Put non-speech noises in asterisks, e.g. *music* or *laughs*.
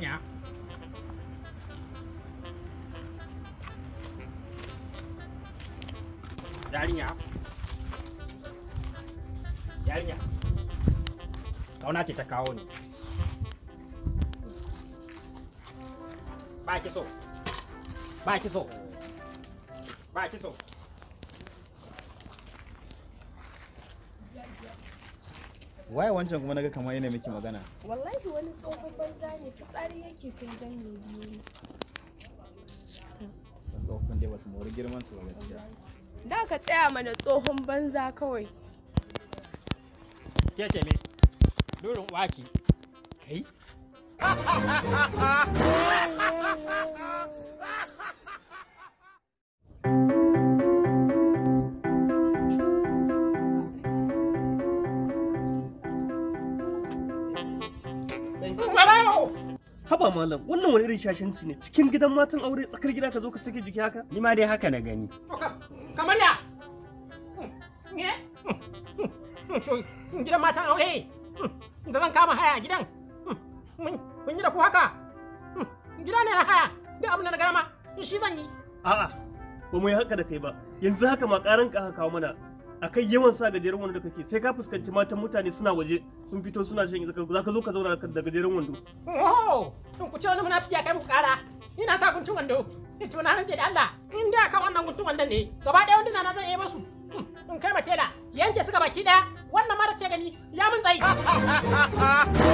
nhỉ ra đi nhỉ ra đi nhỉ cậu na chỉ cho cậu nhỉ ba chữ số ba chữ số ba chữ số waye wancan kuma naga kamar yana miki magana wallahi wani tsohon banza ne fitsari yake kai dan ne biyu ne tsohon dai wasu mori girman su ba gaskiya da ka tsaya mana tsohon banza kawai ke ce me dorin waki kai *laughs* Haba malam, wannan wani irin shashanci ne cikin gidan matan aure tsakar gida ka zo ka sake jiki haka? Ni ma dai haka na gani. Kamar ya? Gidan matan aure da zan kama haya a gidan. Mun yi da ku haka. Gida ne na haya, da abin da na gama, shi zan yi. A'a, ba mu yi haka da kai ba, yanzu haka ma ƙaran ka kawo mana akai yawan sa gajeren wando da kake sai ka fuskanci matan mutane suna waje sun fito suna shan zakar za ka zo ka zauna da gajeren wando oh ku ce wani munafiki ya kai mu kara ina sa guntun wando eh, to na rantse da Allah in da ka wannan guntun wandon ne gaba ɗaya wanda na zan yi masu hmm, in kai mace da yanke suka baki ɗaya wannan mara ke gani ya mun tsayi *laughs*